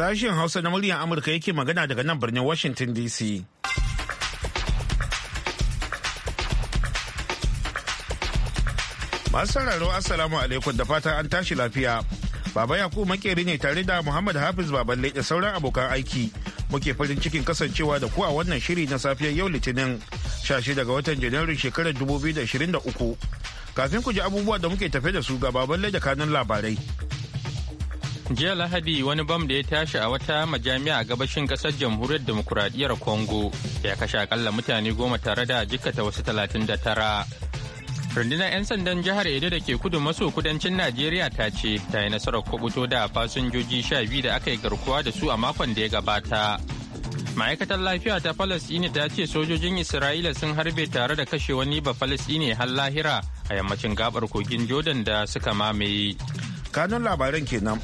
Sashen Hausa na muryar Amurka yake magana daga nan birnin Washington DC. Masu sauraro Assalamu alaikum da fatan an tashi lafiya. Baba Yakubu makeri ne tare da Muhammad Hafiz Baballe da sauran abokan aiki. Muke farin cikin kasancewa da ku a wannan shiri na safiyar yau Litinin 16 daga watan Janairun shekarar 2023. Kafin ku ji abubuwa da muke tafe da su ga Baballe da kanun labarai. jiya lahadi wani bam da ya tashi a wata majami'a a gabashin kasar jamhuriyar demokuraɗiyyar congo ya kashe akalla mutane goma tare da jikata wasu talatin da tara rundunar 'yan sandan jihar edo da ke kudu maso kudancin najeriya ta ce ta yi nasarar kubuto da fasinjoji sha biyu da aka yi garkuwa da su a makon da ya gabata ma'aikatar lafiya ta falasɗini ta ce sojojin isra'ila sun harbe tare da kashe wani ba falasɗini har lahira a yammacin gabar kogin jordan da suka mamaye kanun labaran kenan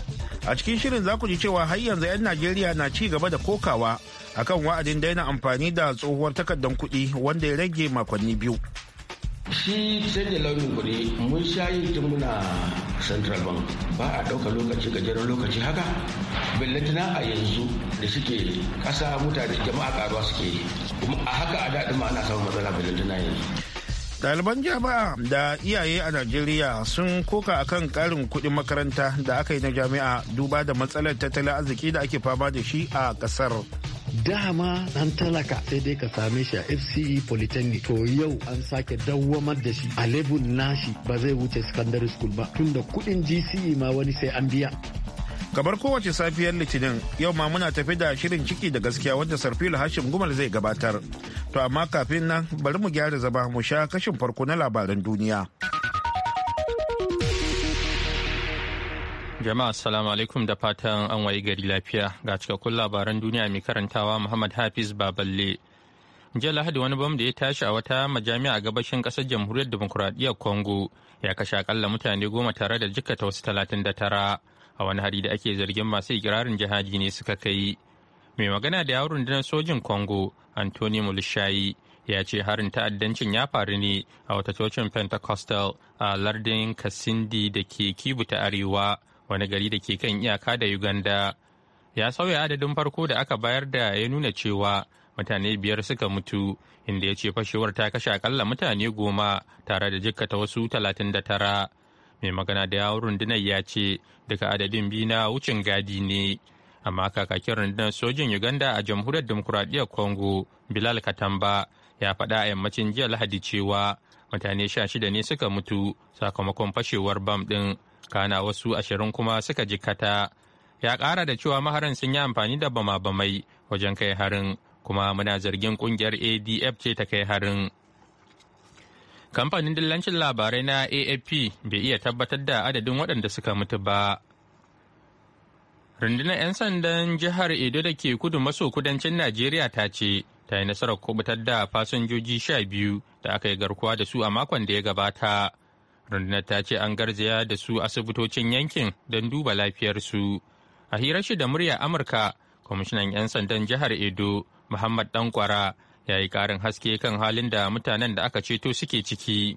a cikin shirin za ku ji cewa har yanzu 'yan najeriya na ci gaba da kokawa akan wa'adin daina amfani da tsohuwar takardar kuɗi wanda ya rage makonni biyu shi sai da launin kuɗi mun sha yin muna central bank ba a ɗauka lokaci gajeren lokaci haka billatana a yanzu da suke ƙasa mutane jama'a ƙaruwa suke yi kuma a haka a daɗin ma ana samun matsala billatana yanzu Ɗaliban jami'a da iyaye a Najeriya sun koka akan ƙarin kuɗin makaranta da aka yi na jami'a duba da matsalar tattalin arziki da ake fama da shi a ƙasar. dama an talaka sai dai ka same shi a fce polytechnic to yau an sake dawwamar da shi a level nashi ba zai wuce secondary school ba tunda kuɗin gce ma wani sai an biya kamar kowace safiyar litinin yau ma muna tafi da shirin ciki da gaskiya wanda sarfil hashim gumal zai gabatar To amma kafin nan bari mu gyara zaba mu sha kashin farko na labaran duniya. Jama'a assalamu alaikum da fatan an wayi gari lafiya ga cikakkun labaran duniya mai karantawa Muhammad Hafiz Baballe. Jiya Lahadi wani bam da ya tashi a wata majami'a a gabashin ƙasar jamhuriyar demokuraɗiyyar Congo ya kashe akalla mutane goma tare da jikkata wasu talatin da tara a wani hari da ake zargin masu ikirarin jihadi ne suka kai. mai magana da yawon rundunar sojin congo anthony mulishayi ya ce harin ta'addancin ya faru ne a wata cocin pentecostal a lardin kasindi da ke kibu ta arewa wani gari da ke kan iyaka da uganda ya sauya adadin farko da aka bayar da ya nuna cewa mutane biyar suka mutu inda ya ce fashewar ta kashe akalla mutane goma tare da jikkata wasu talatin da tara mai magana da yawon rundunar ya ce duka adadin biyu na wucin gadi ne amma kakakin rundunar sojin uganda a jamhuriyar demokuraɗiyyar congo bilal katamba ya faɗa a yammacin jiya lahadi cewa mutane sha shida ne suka mutu sakamakon fashewar bam ɗin kana wasu ashirin kuma suka jikkata ya ƙara da cewa maharin sun yi amfani da bama-bamai wajen kai harin kuma muna zargin ƙungiyar adf ce ta kai harin kamfanin dillancin labarai na afp bai iya tabbatar da adadin waɗanda suka mutu ba rundunar 'yan sandan jihar edo da ke kudu maso kudancin najeriya ta ce ta yi nasarar kubutar da fasinjoji sha biyu da aka yi garkuwa da su a makon da ya gabata rundunar ta ce an garzaya da su asibitocin yankin don duba lafiyarsu a hirar shi da murya amurka kwamishinan 'yan sandan jihar edo muhammad dankwara ya yi karin haske kan halin da mutanen da aka ceto suke ciki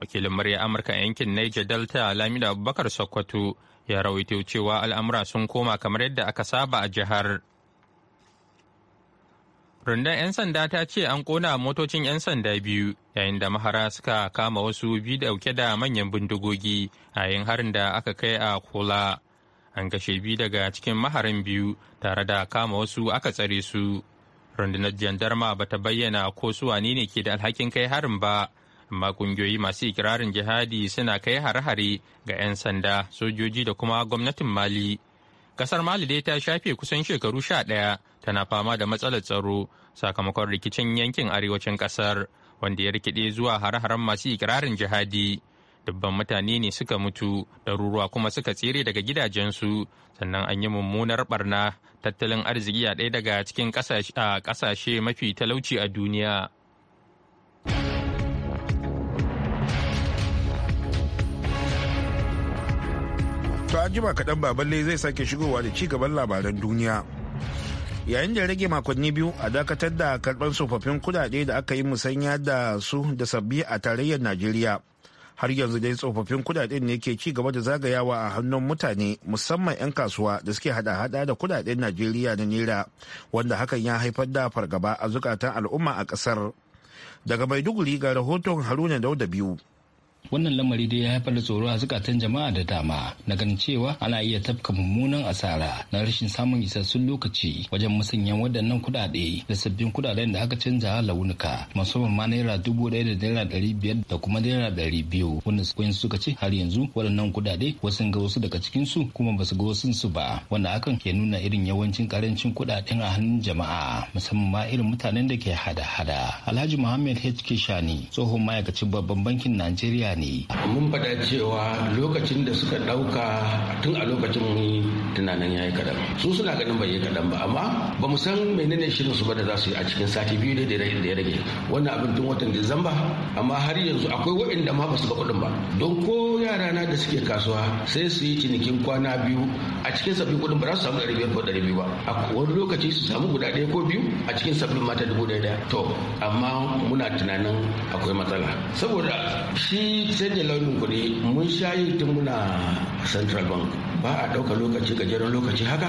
wakilin murya amurka a yankin niger delta lamida abubakar sokoto ya rawaito cewa al'amura sun koma kamar yadda aka saba a jihar rundun 'yan sanda ta ce an kona motocin 'yan sanda biyu yayin da mahara suka kama wasu biyu dauke da manyan bindigogi a yayin harin da aka kai a kola an kashe biyu daga cikin maharin biyu tare da kama wasu aka tsare su rundunar jandarma ba ta bayyana ko su wane ne ke da alhakin kai harin ba amma kungiyoyi masu ikirarin jihadi suna kai hare-hare ga 'yan sanda sojoji da kuma gwamnatin mali kasar mali dai ta shafe kusan shekaru sha ɗaya tana fama da matsalar tsaro sakamakon rikicin yankin arewacin kasar wanda ya rikide zuwa hare-haren masu ikirarin jihadi dubban mutane ne suka mutu ɗaruruwa kuma suka tsere daga gidajensu sannan an yi mummunar barna tattalin arziki a ɗaya daga cikin ƙasashe mafi talauci a duniya. To an jima kaɗan baballe zai sake shigowa da ci gaban labaran duniya. Yayin da rage makonni biyu a dakatar da karɓar tsofaffin kudade da aka yi musanya da su da sabbi a tarayyar Najeriya. Har yanzu dai tsofaffin kudaden ne ke ci gaba da zagayawa a hannun mutane musamman 'yan kasuwa da suke hada-hada da kudaden Najeriya da Naira wanda hakan ya haifar da fargaba a zukatan al'umma a ƙasar. Daga Maiduguri ga rahoton Haruna Dauda biyu. wannan lamari dai ya haifar da tsoro a zukatan jama'a da dama na ganin cewa ana iya tafka mummunan asara na rashin samun isassun lokaci wajen musanyan waɗannan kuɗaɗe da sabbin kuɗaɗen da aka canza launuka musamman ma naira dubu ɗaya da naira ɗari biyar da kuma naira ɗari biyu wanda wayansu suka ce har yanzu waɗannan kuɗaɗe wasu ga wasu daga cikinsu kuma ba su ga wasu su ba wanda hakan ke nuna irin yawancin karancin kuɗaɗen a hannun jama'a musamman ma irin mutanen da ke hada-hada alhaji muhammad h kishani tsohon ma'aikacin babban bankin najeriya bayani. Mun faɗa cewa lokacin da suka ɗauka tun a lokacin mun tunanin ya yi kaɗan. Su suna ganin bai yi kaɗan ba amma ba mu san menene shirin su ba da za su yi a cikin sati biyu da ya rage. Wannan abin tun watan Disamba amma har yanzu akwai waɗanda ma ba su ga kuɗin ba. Don ko yara na da suke kasuwa sai su yi cinikin kwana biyu a cikin sabbin kuɗin ba za su samu ɗari biyar ko ɗari biyu ba. A wani lokaci su samu guda ɗaya ko biyu a cikin sabbin mata dubu ɗaya. To amma muna tunanin akwai matsala. Saboda shi sai da launin kuɗi mun sha yi tun muna central bank ba a ɗauka lokaci gajeren lokaci haka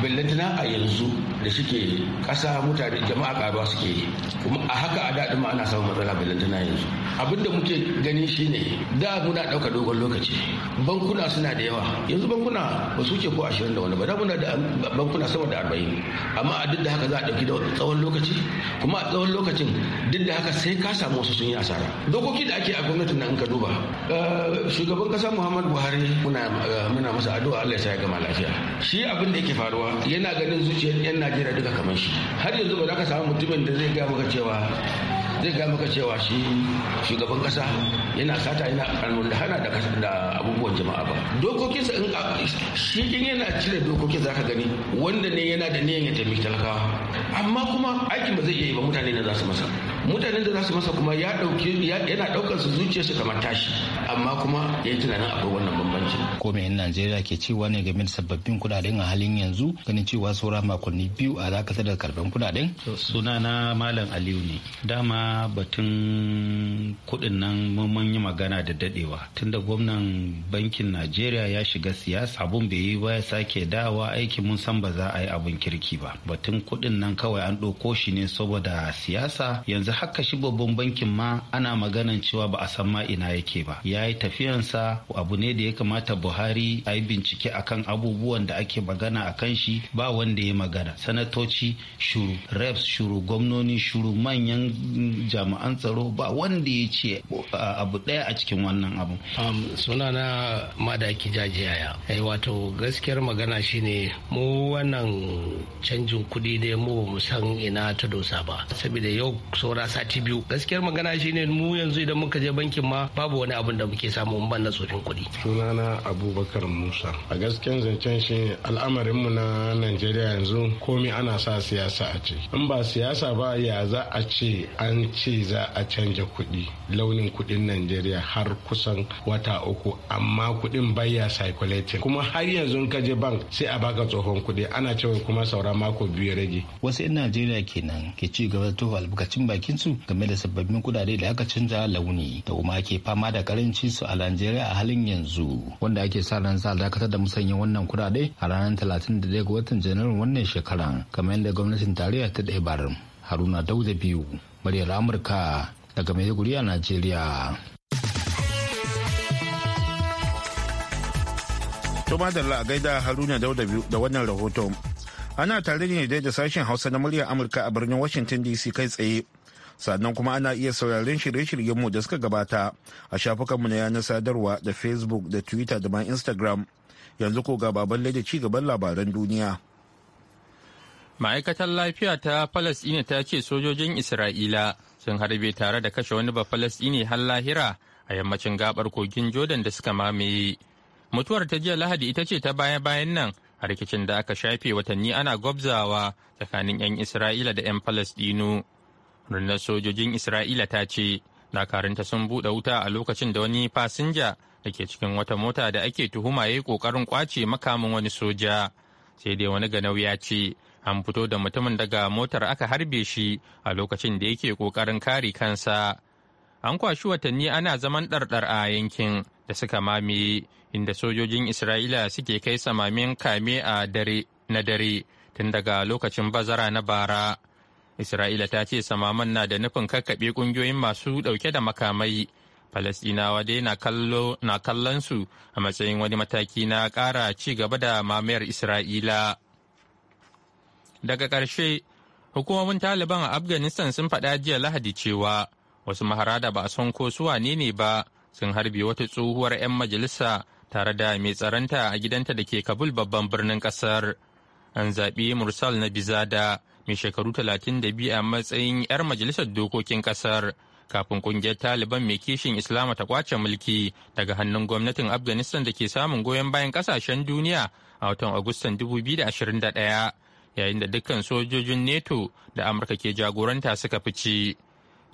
billantana a yanzu da suke ƙasa mutane jama'a ƙaruwa suke yi kuma a haka a daɗin ma ana samun matsala billantana yanzu abin da muke gani shine da muna ɗauka dogon lokaci bankuna suna da yawa yanzu bankuna ba su ke ko ashirin da wani ba da muna da bankuna sama da arba'in amma a duk da haka za a ɗauki da tsawon lokaci kuma a tsawon lokacin duk da haka sai ka samu wasu sun yi asara dokoki da ake a gwamnatin nan in ka duba eh, shugaban ƙasa muhammadu buhari muna eh, masa addu'a Allah ya gama lafiya shi abin da yake faruwa yana ganin zuciyar yan Najeriya duka kamar shi har yanzu ba za ka samu mutumin da zai ga maka cewa zai ga maka cewa shi shugaban kasa yana sata yana almundahana da da abubuwan jama'a ba dokokinsa in shi in yana cire dokokin ka gani wanda ne yana da niyan ya taimaki talakawa amma kuma aikin ba zai iya yi ba mutane ne za su masa mutanen da za su masa kuma ya dauke yana daukar su zuciya su kamar tashi amma kuma ya tunanin akwai wannan bambanci ko me yan Najeriya ke cewa ne game da sababbin kudaden a halin yanzu ganin cewa saura makonni biyu a dakatar da karban kudaden suna na malam Aliyu ne dama batun kudin nan mun yi magana da dadewa tunda gwamnan bankin Najeriya ya shiga siyasa abun bai yi ba ya sake dawa aiki mun san ba za a yi abun kirki ba batun kudin nan kawai an ɗauko shi ne saboda siyasa yanzu yanzu haka shi babban bankin ma ana maganan cewa ba a san ma ina yake ba ya yi tafiyansa abu ne da ya kamata buhari a yi bincike akan abubuwan da ake magana a kan shi ba wanda ya magana sanatoci shuru reps shuru gwamnoni shuru manyan jami'an tsaro ba wanda ya ce abu daya a cikin wannan abu. Um, suna na madaki jajiyaya hey, eh, wato gaskiyar magana shine mu wannan canjin kuɗi dai mu san ina ta dosa ba saboda yau saura a sati biyu gaskiyar magana shine mu yanzu idan muka je bankin ma babu wani abin da muke samu in banna tsofin kuɗi sunana abubakar musa a gaskiyar zancen shi al'amarin mu na najeriya yanzu komai ana sa siyasa a ce in ba siyasa ba ya za a ce an ce za a canja kuɗi launin kuɗin najeriya har kusan wata uku amma kuɗin baya circulating kuma har yanzu ka je bank sai a baka tsohon kuɗi ana cewa kuma saura mako biyu rage wasu 'yan najeriya kenan ke ci gaba da tofa albarkacin baki su game da sababbin kudade da aka canza launi da kuma ke fama da karancin su a Najeriya a halin yanzu wanda ake sa ran za dakatar da musanya wannan kudade a ranar 31 ga watan Janairun wannan shekaran kamar yadda gwamnatin tarayya ta ɗebar Haruna Dauda biyu muryar Amurka daga Maiduguri a Najeriya. To da a gaida Haruna Dauda biyu da wannan rahoton. Ana tare ne da sashen Hausa na murya Amurka a birnin Washington DC kai tsaye. sannan kuma ana iya sauraren shirye-shiryenmu da suka gabata a shafukanmu na yanar sadarwa da facebook da twitter da ma instagram yanzu ko ga baban da ci gaban labaran duniya ma'aikatar lafiya ta falasɗina ta ce sojojin isra'ila sun harbe tare da kashe wani ba falasɗini har lahira a yammacin gabar kogin jordan da suka mamaye mutuwar ta jiya lahadi ita ce ta baya-bayan nan a rikicin da aka shafe watanni ana gwabzawa tsakanin 'yan isra'ila da 'yan falasɗinu rundunar sojojin isra'ila ta ce dakarunta sun buɗe wuta a lokacin da wani fasinja da ke cikin wata mota da ake tuhuma ya yi ƙoƙarin ƙwace makamin wani soja sai dai wani ganau ya ce an fito da mutumin daga motar aka harbe shi a lokacin da yake ƙoƙarin kare kansa an kwashi watanni ana zaman ɗarɗar a yankin da suka mamaye inda sojojin isra'ila suke kai samamin kame a dare na dare tun daga lokacin bazara na bara Isra'ila ta ce samaman na da nufin kakkaɓe ƙungiyoyin masu ɗauke da makamai. Falasɗinawa dai na kallon su a matsayin wani mataki na ƙara ci gaba da mamayar Isra'ila. Daga ƙarshe, hukumomin Taliban a Afghanistan sun faɗa jiya Lahadi cewa wasu maharada da ba a san ko su wane ne ba sun harbe wata tsohuwar 'yan majalisa tare da mai tsaranta a gidanta da ke Kabul babban birnin ƙasar. An zaɓi Mursal na Bizada. mai shekaru 32 a matsayin 'yar majalisar dokokin kasar kafin kungiyar taliban mai kishin islama ta kwace mulki daga hannun gwamnatin afghanistan da ke samun goyon bayan kasashen duniya a watan agustan 2021 yayin da dukkan sojojin neto da amurka ke jagoranta suka fice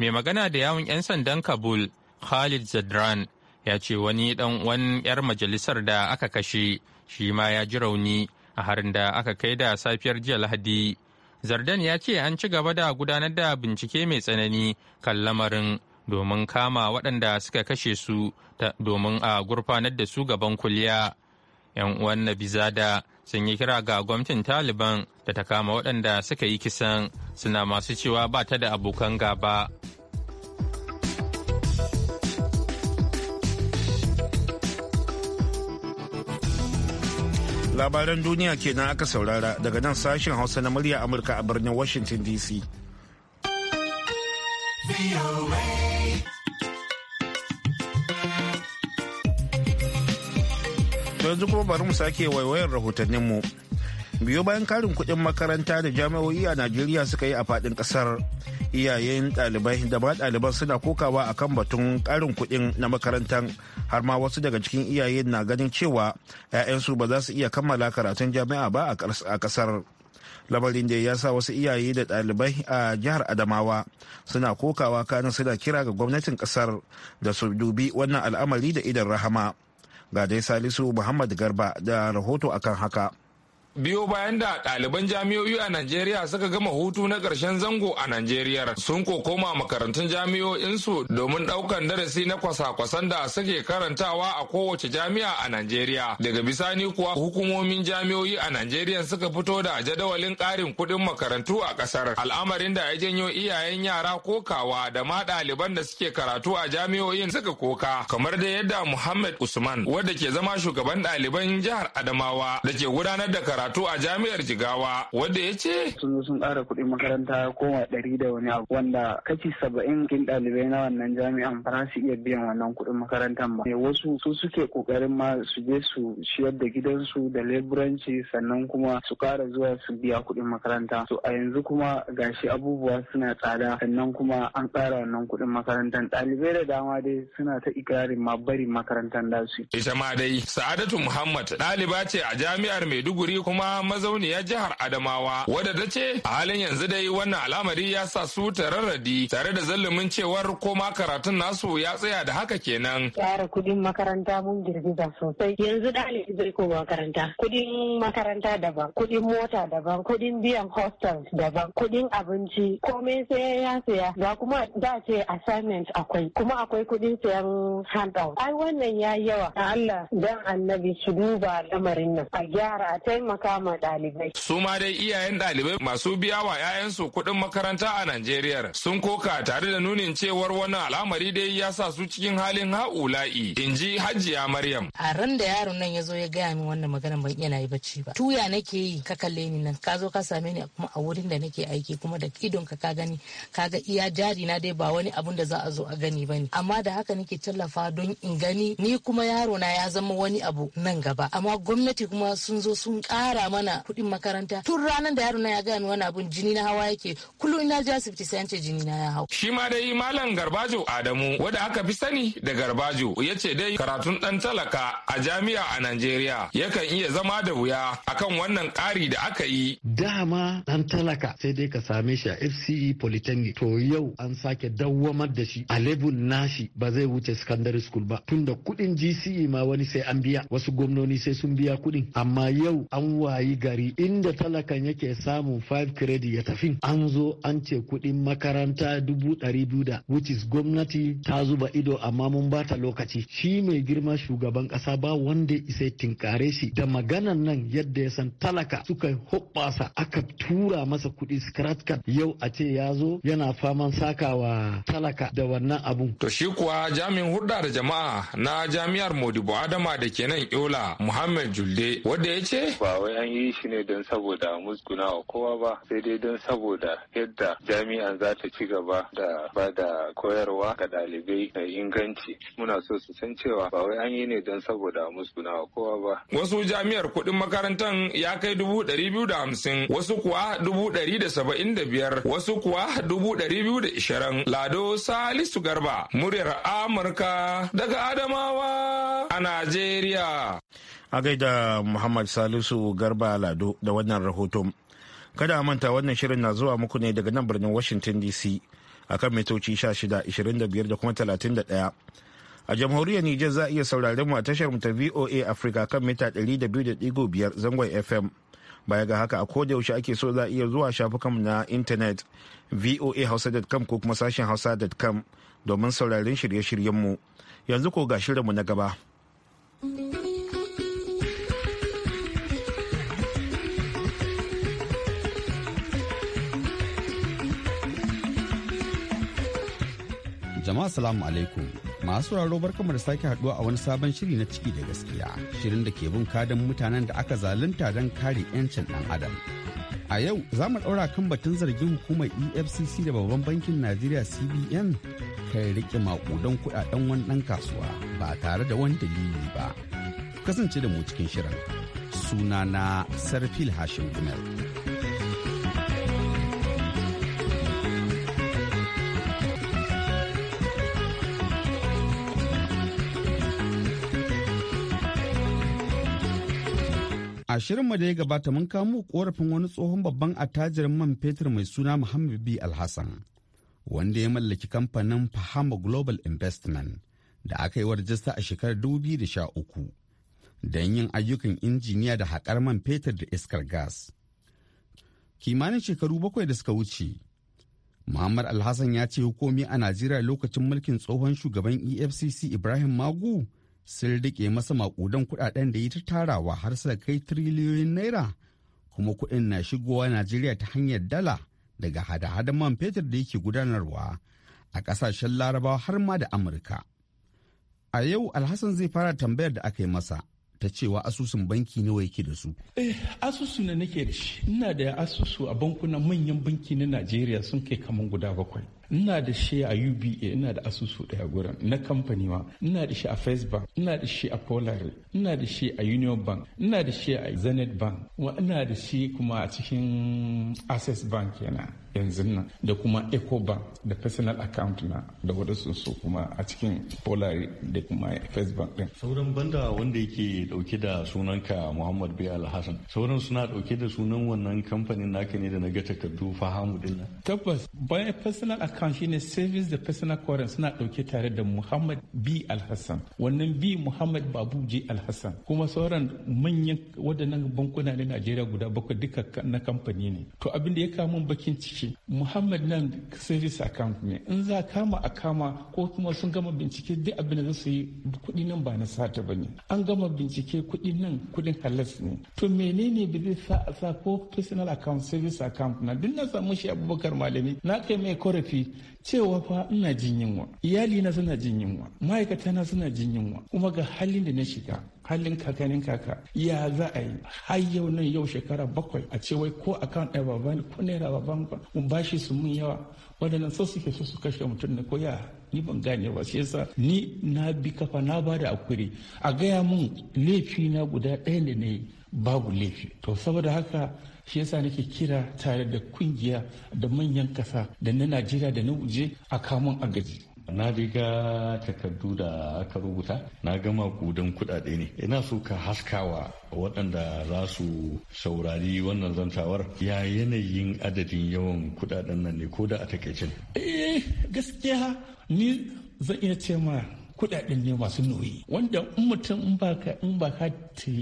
mai magana da yawon 'yan sandan kabul khalid zadran ya ce wani dan wani 'yar majalisar da aka kashe shi ma ya ji rauni a harin da aka kai da safiyar jiya lahadi zardan ya ce an ci gaba da gudanar da bincike mai tsanani kan lamarin domin kama waɗanda suka kashe su domin a gurfanar da su gaban kuliya 'yan uwan na bizada sun yi kira ga gwamnatin taliban da ta kama waɗanda suka yi kisan suna masu cewa ba ta da abokan gaba labaran duniya kenan aka saurara daga nan sashen hausa na murya amurka a birnin washington dc yanzu kuma bari mu sake waiwayar mu. biyo bayan karin kudin makaranta da jami'o'i a najeriya suka yi a faɗin ƙasar iyayen ɗalibai da ba ɗaliban suna kokawa akan batun ƙarin kuɗin na makarantar har ma wasu daga cikin iyaye na ganin cewa 'ya'yansu ba za su iya kammala karatun jami'a ba a ƙasar lamarin da ya sa wasu iyaye da ɗalibai a jihar adamawa suna kokawa kanin suna kira ga gwamnatin ƙasar da su dubi wannan al'amari da idan rahama ga dai salisu muhammad garba da rahoto akan haka. biyo bayan da ɗaliban jami'o'i a Najeriya suka gama hutu na ƙarshen zango a Najeriya sun ko koma makarantun jami'o'insu domin ɗaukan darasi na kwasa-kwasan da suke karantawa a kowace jami'a a Najeriya. Daga bisani kuwa hukumomin jami'o'i a Najeriya suka fito da jadawalin ƙarin kuɗin makarantu a ƙasar al'amarin da ya janyo iyayen yara kokawa da ma ɗaliban da suke karatu a jami'o'in suka koka kamar da yadda Muhammad Usman wadda ke zama shugaban ɗaliban jihar Adamawa da ke gudanar da karatu karatu a jami'ar Jigawa wanda ya ce. Sun zo sun ƙara kuɗin makaranta koma ɗari da wani abu wanda kashi saba'in kin ɗalibai na wannan jami'an ba su iya biyan wannan kuɗin makarantar ba. Eh, wasu su suke ƙoƙarin ma su je su ciyar da gidansu da leburanci sannan kuma su ƙara zuwa su biya kuɗin makaranta. To a yanzu kuma gashi abubuwa suna tsada sannan kuma an ƙara wannan kuɗin makarantar ɗalibai da dama dai suna ta ikirarin ma barin makarantar da su. Ita ma dai Sa'adatu Muhammad ɗaliba ce a jami'ar Maiduguri kuma mazauniyar jihar Adamawa wadda ta ce a halin yanzu dai wannan al'amari ya sa su tararradi tare da zallumin cewar koma karatun nasu ya tsaya da haka kenan. Tsara kudin makaranta mun girgiza sosai yanzu ɗalibi zai koma makaranta kudin makaranta daban kudin mota daban kudin biyan hostel daban kudin abinci komai sai ya saya ga kuma da ce assignment akwai kuma akwai kudin sayan handout ai wannan ya yawa Allah dan annabi su duba lamarin nan a gyara a taimaka kama dalibai. Su ma dai iyayen dalibai masu biya wa 'ya'yansu kuɗin makaranta a Najeriya sun koka tare da nunin cewar wani al'amari dai ya sa su cikin halin ha'ula'i in ji Hajiya Maryam. A ran da yaron nan ya zo ya gaya min wannan maganar ban iya na yi bacci ba. Tuya nake yi ka kalle ni nan ka zo ka same ni kuma a wurin da nake aiki kuma da idon ka ka gani ka ga iya jari na dai ba wani abun da za a zo a gani ba ne. Amma da haka nake tallafa don in gani ni kuma yaro na ya zama wani abu nan gaba. Amma gwamnati kuma sun zo sun ƙara kara mana kuɗin makaranta tun ranar da yaro na ya gaya wani abun jini na hawa yake kullum ina ji asibiti sai an ce jini na ya hau. shi ma dai malam garbajo adamu wanda aka fi sani da garbajo ya ce dai karatun dan talaka a jami'a a najeriya yakan iya zama da wuya akan wannan kari da aka yi. dama dan talaka sai dai ka same shi a fce polytechnic to yau an sake dawwamar da shi a level nashi ba zai wuce secondary school ba tunda kuɗin gce ma wani sai an biya wasu gwamnoni sai sun biya kuɗin amma yau an wayi gari inda talakan yake samun 5 credit ya tafi an zo an ce kudin makaranta dubu ɗari biyu da which is gwamnati ta zuba ido amma mun bata lokaci shi mai girma shugaban ƙasa ba wanda isa tinkare shi da maganan nan yadda ya san talaka suka hoɓɓasa aka tura masa kuɗi scratch card yau a ce ya zo yana faman sakawa talaka da wannan abun. To shi kuwa jami'in hurɗa da jama'a na jami'ar Modibo Adama da kenan nan Yola Muhammad Julde wanda ya ce. wai an yi shi ne don saboda musguna wa kowa ba sai dai don saboda yadda jami'an za ta ci gaba da ba da koyarwa ga ɗalibai da inganci muna so su san cewa ba wai an yi ne don saboda musguna wa kowa ba. Wasu jami'ar kuɗin makarantar ya kai dubu ɗari biyu da hamsin wasu kuwa dubu ɗari da saba'in da biyar wasu kuwa dubu ɗari biyu da ishirin lado salisu garba muryar amurka daga adamawa a najeriya. a gaida muhammad salisu garba lado da wannan rahoton kada a manta wannan shirin na zuwa muku ne daga nan birnin washington dc a kan mitoci 16 da kuma 31 a jamhuriyar Nijar za a iya saurari mu a tashar mu ta VOA afirka kan mita 200.5 zangon FM. Baya ga haka a koda yaushe ake so za a iya zuwa shafukan na intanet voahausa.com ko kuma sashen hausa.com domin saurarin shirye shiryenmu Yanzu ko ga shirinmu na gaba. jama'a salamu alaikum masu raro barkamu da sake haduwa a wani sabon shiri na ciki da gaskiya shirin da ke bin kadan mutanen da aka zalunta don kare 'yancin dan adam a yau za mu daura kan batun zargin hukumar efcc da babban bankin najeriya cbn kai rike makudan kudaden wani dan kasuwa ba tare da wani dalili ba kasance da mu cikin shirin sunana sarfil hashim gumel A shirinmu da ya gabata mun kamo korafin wani tsohon babban attajirin man fetur mai suna Muhammad B. Alhassan, wanda ya mallaki kamfanin Fahama Global Investment da aka yi wa rajista a shekarar 2013 don yin ayyukan injiniya da haƙar man fetur da iskar gas. Kimanin shekaru bakwai da suka wuce, Muhammad Alhassan ya ce hukumi a Najeriya lokacin mulkin tsohon shugaban EFCC Ibrahim Magu sun rike masa makudan kuɗaɗen da ya ta tarawa har suka kai tiriliyoyin naira kuma kuɗin na shigowa najeriya ta hanyar dala daga hada-hadan man fetur da yake gudanarwa a ƙasashen larabawa har ma da amurka a yau alhassan zai fara tambayar da aka yi masa ta cewa asusun banki nawa yake da su? Eh, asusu na nake da shi. Ina da asusu a bankuna manyan banki na Najeriya sun kai kaman guda bakwai. ina da shi a uba ina da asusu daya gurin na kamfani ma ina da shi a first bank ina da shi a polar ina da shi a union bank ina da shi a zenith bank wa ina da shi kuma a cikin access bank yana yanzu nan da kuma eco bank da personal account na da waɗansu su kuma a cikin polar da kuma facebook din sauran banda wanda yake dauke da sunan ka muhammad bai hassan sauran suna dauke da sunan wannan kamfanin naka ne da na ga takardu fahamu din tabbas bayan personal account kan shine service the personal quarrel suna dauke tare da Muhammad B Alhassan wannan B Muhammad Babu J Alhassan kuma sauran manyan waɗannan bankuna na Najeriya guda bakwai duka na kamfani ne to abin da ya kawo min bakin ciki Muhammad nan service account ne in za kama a kama ko kuma sun gama bincike duk abin da su yi kuɗi nan ba na sata ba ne an gama bincike kuɗi nan kuɗin halas ne to menene ba zai sa a sa ko personal account service account na duk na samu shi abubakar malami na kai mai korafi cewa fa ina jin yunwa iyalina suna jin yunwa ma'aikatana suna jin yunwa kuma ga halin da na shiga halin kakanin kaka ya za a yi har yau nan yau shekara bakwai a ce wai ko akan ɗaya ba bani ko naira baban ba mun bashi su mun yawa waɗannan so suke so su kashe mutum ne ko ya ni ban gane ba sai yasa ni na bi kafa na bada akuri a gaya mun laifi na guda ɗaya da na babu laifi to saboda haka shi yasa nake kira tare da kungiya da manyan kasa da na najeriya da na waje a kamun agaji na riga takardu da aka rubuta na gama gudan kudade ne ina so ka haskawa waɗanda za su saurari wannan zantawar ya yanayin adadin yawan kudaden nan ne ko da a takaice eh gaskiya ni zan iya ce ma kudaden ne masu nauyi wanda in mutum in ba ka in ba ka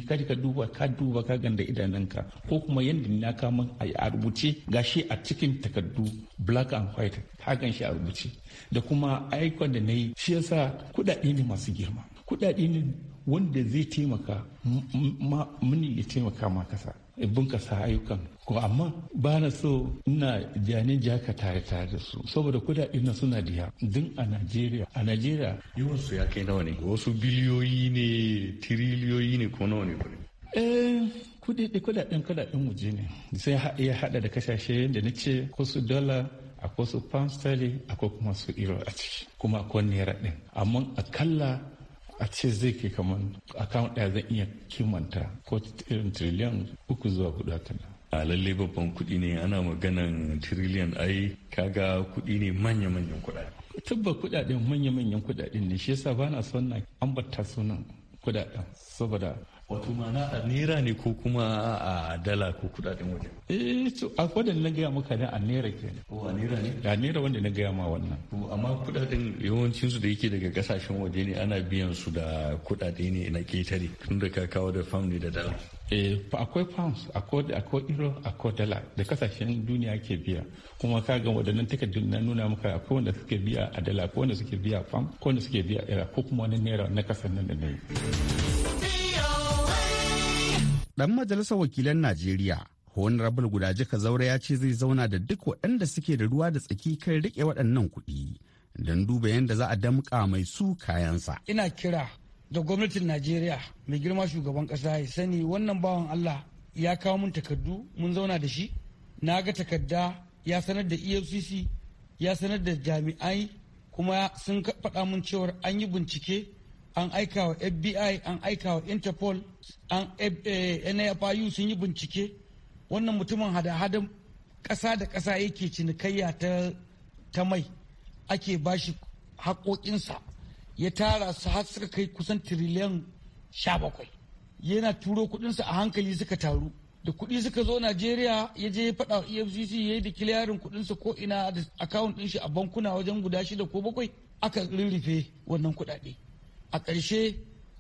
ka duba ka duba ka ganda idanunka ko kuma yanda na kama a rubuce gashi a cikin takardu black and white ka gan shi a rubuce da kuma aikon da na yi shi yasa kudade ne masu girma kudade ne wanda zai taimaka mini ya taimaka ma kasa bunkasa ayyukan ko amma ba na so ina jani jaka tare tare da su saboda kudaden na suna diya din a Najeriya a Najeriya yawan su ya kai nawa ne wasu biliyoyi ne tiriliyoyi ne ko nawa ne eh kudaden kudaden kudaden waje ne sai ya hada da kasashe da ce ko su dollar akwai su pound sterling akwai kuma su euro a ciki kuma akwai naira din amma akalla a ce zai ke kamar account ɗaya zan iya kimanta ko irin triliyan uku zuwa hudu haka a lalle babban kuɗi ne ana maganan triliyan ai kaga kuɗi ne manya-manyan kuɗaɗe tabba kuɗaɗen manya-manyan kuɗaɗen ne shi yasa ba na son na ambata sunan kuɗaɗen saboda wato mana a naira ne ko kuma a dala ko kudaden waje eh to a da na gaya maka da a naira ke ko oh, a naira ne a naira wanda na gaya ma wannan to oh, amma kudaden yawancin su da yake daga kasashen waje ne ana biyan su da kudade ne na ketare tun da ka kawo da fam ne da dala eh akwai pounds akwai akwai euro akwai dala da kasashen duniya ke biya kuma ka ga wadannan takardun na nuna maka akwai wanda suke biya a dala akwai wanda suke biya pound ko wanda suke biya euro ko kuma wani naira na kasar nan da ne Ɗan majalisar wakilan Najeriya, Honorable jika Zaure ya ce zai zauna da duk waɗanda suke da ruwa da tsaki kan riƙe waɗannan kuɗi don duba yadda za a damƙa mai su kayansa. Ina kira da gwamnatin Najeriya mai girma shugaban ƙasa ya sani wannan bawan Allah ya kawo mun takardu mun zauna da shi na ga takarda ya sanar da EFCC ya sanar da jami'ai kuma sun faɗa mun cewar an yi bincike an aika wa fbi an aika wa interpol an eh, eh, nfiu sun yi bincike wannan mutumin hada-hadan kasa da ƙasa yake cinikayya ta, ta mai ake bashi haƙoƙinsa ya tara su har suka kai kusan tiriliyan sha bakwai yana turo kuɗinsa a hankali suka taru da kuɗi suka zo najeriya ya je faɗa efcc ya yi da kiliyarin kuɗinsa ko ina da akawun ɗin shi a bankuna wajen guda shida ko bakwai aka rurrufe wannan kuɗaɗe a ƙarshe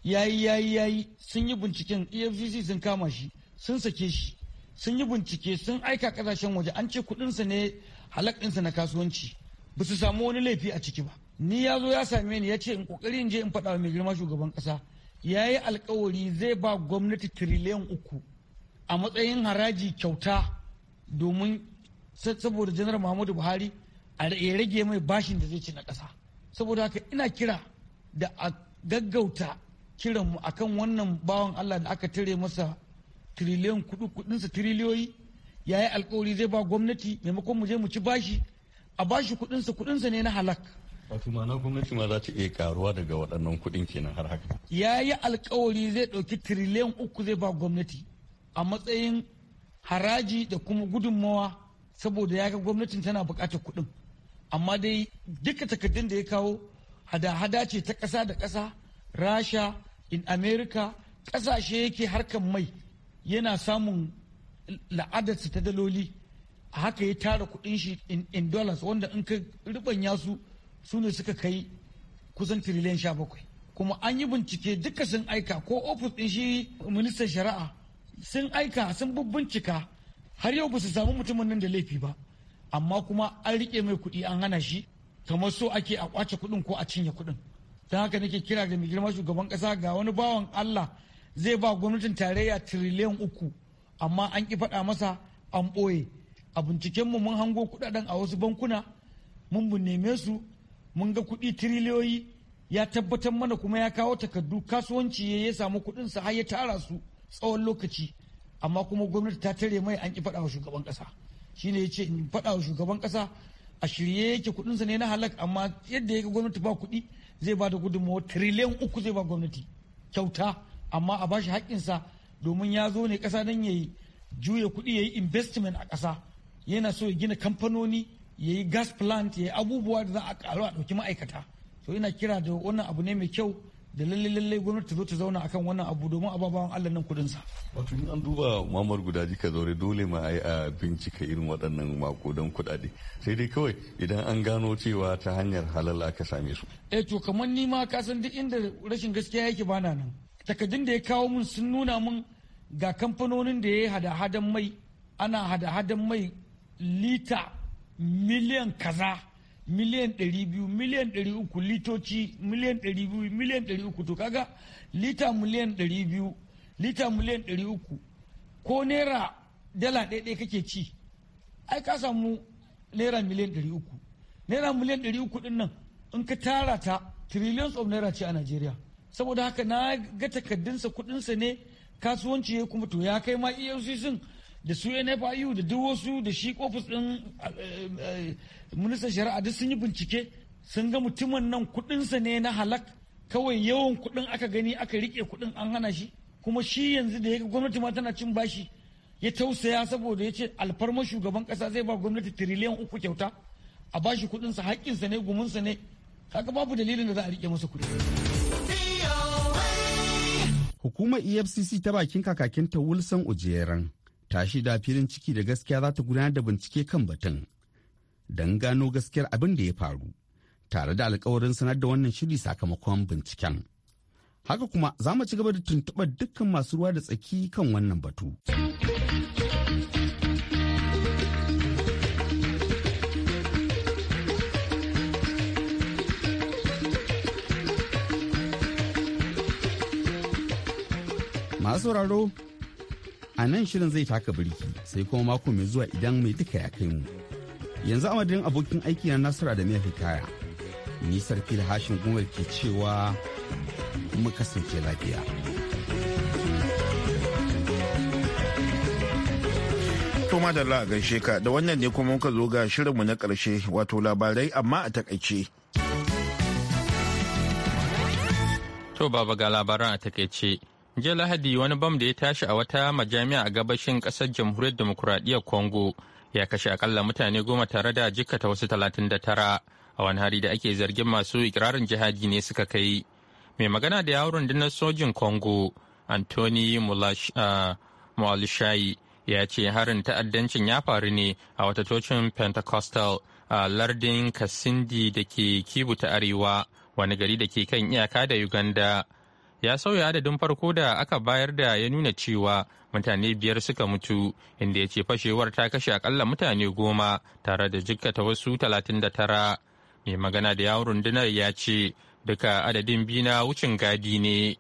ya yi ya yi sun yi binciken efcc sun kama shi sun sake shi sun yi bincike sun aika ƙasashen waje an ce kuɗinsa ne halakinsa na kasuwanci ba su samu wani laifi a ciki ba ni ya zo ya same ni ya ce in kokari in je in faɗa mai girma shugaban ƙasa ya yi alkawari zai ba gwamnati tiriliyan uku a matsayin haraji kyauta domin saboda janar muhammadu buhari a rage mai bashin da zai ci na ƙasa saboda haka ina kira da a gaggauta kiranmu a kan wannan bawan Allah da aka tare masa tiriliyan kudu kudinsa tiriliyoyi ya yi alkawari zai ba gwamnati maimakon mu je mu ci bashi a bashi kudinsa kudinsa ne na halak. Wato ma'ana gwamnati ma za ta iya karuwa daga waɗannan kudin kenan har haka. Ya yi alkawari zai ɗauki tiriliyan uku zai ba gwamnati a matsayin haraji da kuma gudunmawa saboda ya ga gwamnatin tana buƙatar kudin. Amma dai duka takardun da ya kawo hada-hada ce ta ƙasa da ƙasa rasha in america ƙasashe yake harkar mai yana samun la'adarsa ta daloli a haka ya tara kudin shi in dollars wanda in ka ribanya su su ne suka kai kusan tiriliyan sha bakwai kuma an yi bincike duka sun aika ko ofis din shi ministan shari'a sun aika sun bincika har yau ba su samu mutumin nan da laifi ba amma kuma an rike mai kuɗi an hana shi kamar so ake a kwace kuɗin ko a cinye kuɗin don haka nake kira ga mai girma shugaban kasa ga wani bawan Allah zai ba gwamnatin tarayya tiriliyan uku amma an ki faɗa masa an ɓoye a bincikenmu mun hango kuɗaɗen a wasu bankuna mun neme su mun ga kuɗi tiriliyoyi ya tabbatar mana kuma ya kawo takardu kasuwanci ya samu sa har ya tara su tsawon lokaci amma kuma gwamnati ta tare mai an ki faɗa wa shugaban shi shine ya ce in faɗa wa shugaban kasa. a shirye yake kudinsa ne na halak amma yadda ya ga gwamnati ba kuɗi zai ba da gudunmawa tiriliyan uku zai ba gwamnati kyauta amma a bashi haƙƙinsa domin ya zo ne ƙasa don ya yi juya kuɗi ya yi investment a ƙasa yana so ya gina kamfanoni ya yi gas plant ya yi abubuwa da za a ƙaru a ɗauki ma'aikata so ina kira da wannan abu ne mai kyau da lalle lalle gwamnati zo ta zauna akan wannan abu domin babawan Allah nan kudin sa wato in an duba mamar guda jika zaure dole ma ai a bincika irin waɗannan makudan kudade sai dai kawai idan an gano cewa ta hanyar halal aka same su eh to kamar ni ma ka san duk inda rashin gaskiya yake bana nan takaddun da ya kawo mun sun nuna mun ga kamfanonin da ya yi hada-hadan mai ana hada-hadan mai lita miliyan kaza miliyan 200 miliyan 300 litoci miliyan 200 miliyan 300 to kaga lita miliyan 200 lita miliyan 300 ko naira dala ɗaya ɗaya kake ci ai ka samu naira miliyan 300 naira miliyan 300 din nan in ka tara ta trillions of naira ce a Najeriya saboda haka na ga takaddunsa kudinsa ne kasuwanci ya kuma to ya kai ma EFCC da su NFIU da duk wasu da shi ofis din eh, eh, ministan shari'a duk sun yi bincike sun ga mutumin nan kudinsa ne na halak kawai yawan kudin aka gani aka rike kudin an hana shi kuma shi yanzu da ya gwamnati ma tana cin bashi ya tausaya saboda ya ce alfarma shugaban kasa zai ba gwamnati tiriliyan uku kyauta a bashi kudinsa haƙƙinsa ne gumunsa ne kaga babu dalilin da za a rike masa kudi. Hukumar EFCC ta bakin kakakin ta Wilson Ujeran Tashi da filin ciki da gaskiya za ta gudanar da bincike kan batun don gano gaskiyar abin da ya faru tare da alkawarin sanar da wannan shiri sakamakon binciken haka kuma za mu ci gaba da tuntuɓar dukkan masu ruwa da tsaki kan wannan batu masu sauraro a nan shirin zai taka birki sai kuma mako mai zuwa idan mai duka ya kai mu yanzu a madadin abokin aiki na nasara da mai hikaya ni sarfil hashin gumar ke cewa mu kasance lafiya to madalla a gaishe ka da wannan ne kuma muka zo ga shirin mu na karshe wato labarai amma a takaice to baba ga labaran a takaice jiya lahadi wani bam da ya tashi a wata majami'a a gabashin kasar jamhuriyar demokuraɗiyyar congo ya kashe akalla mutane goma tare da jikkata wasu talatin da tara a wani hari da ake zargin masu ikirarin jihadi ne suka kai mai magana da yawon rundunar sojin congo anthony mualishayi ah, ya ce harin ta'addancin ya faru ne a wata tocin pentecostal a lardin kasindi da ke kibu ta arewa wani gari da ke kan iyaka da uganda ya sauya adadin farko da aka bayar da ya nuna cewa mutane biyar suka mutu inda ya ce fashewar ta kashe akalla mutane goma tare da jikkata wasu talatin da tara mai magana da yawon rundunar ya ce duka adadin biyu na wucin gadi ne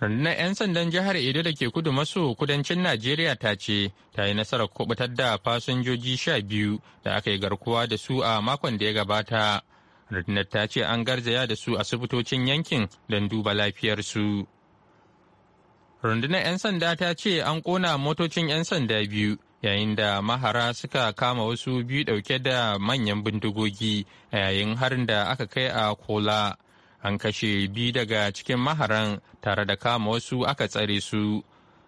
rundunar 'yan sandan jihar edo da ke kudu maso kudancin najeriya ta ce ta yi nasarar kubutar da fasinjoji sha biyu da aka yi garkuwa da su a makon da ya gabata rundunar ta ce an garzaya da su asibitocin yankin don duba lafiyarsu rundunar 'yan sanda ta ce an kona motocin 'yan sanda biyu yayin da mahara suka kama wasu biyu dauke da manyan bindigogi a yayin harin da aka kai a kola an kashe biyu daga cikin maharan tare da kama wasu aka tsare su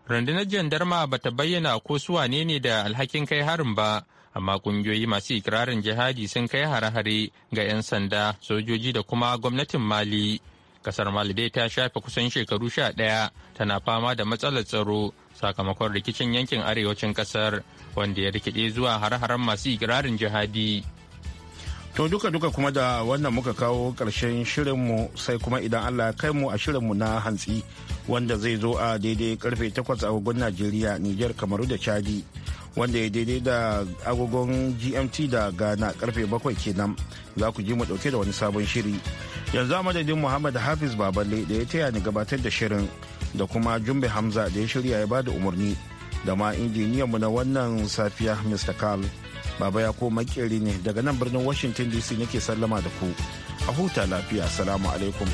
rundunar jandarma bata bayyana ko su wane ne da alhakin kai harin ba amma kungiyoyi masu ikirarin jihadi sun kai hare-hare ga 'yan sanda sojoji da kuma gwamnatin mali kasar mali dai ta shafe kusan shekaru sha ɗaya tana fama da matsalar tsaro sakamakon rikicin yankin arewacin kasar wanda ya rikide zuwa hare-haren masu ikirarin jihadi to duka-duka kuma da wannan muka kawo ƙarshen shirinmu sai kuma idan allah kai mu a mu na hantsi wanda zai zo a daidai karfe 8 agogon najeriya niger kamaru da chadi wanda ya daidai da agogon gmt da gana karfe bakwai kenan za ku ji mu dauke da wani sabon shiri yanzu a madadin muhammad hafiz baballe da ya taya ni gabatar da shirin da kuma jumbe hamza da ya shirya ya bada umarni da ma injiniyan mu na wannan safiya mr carl baba ya ko makeri ne daga nan birnin washington dc nake sallama da ku a huta lafiya salamu alaikum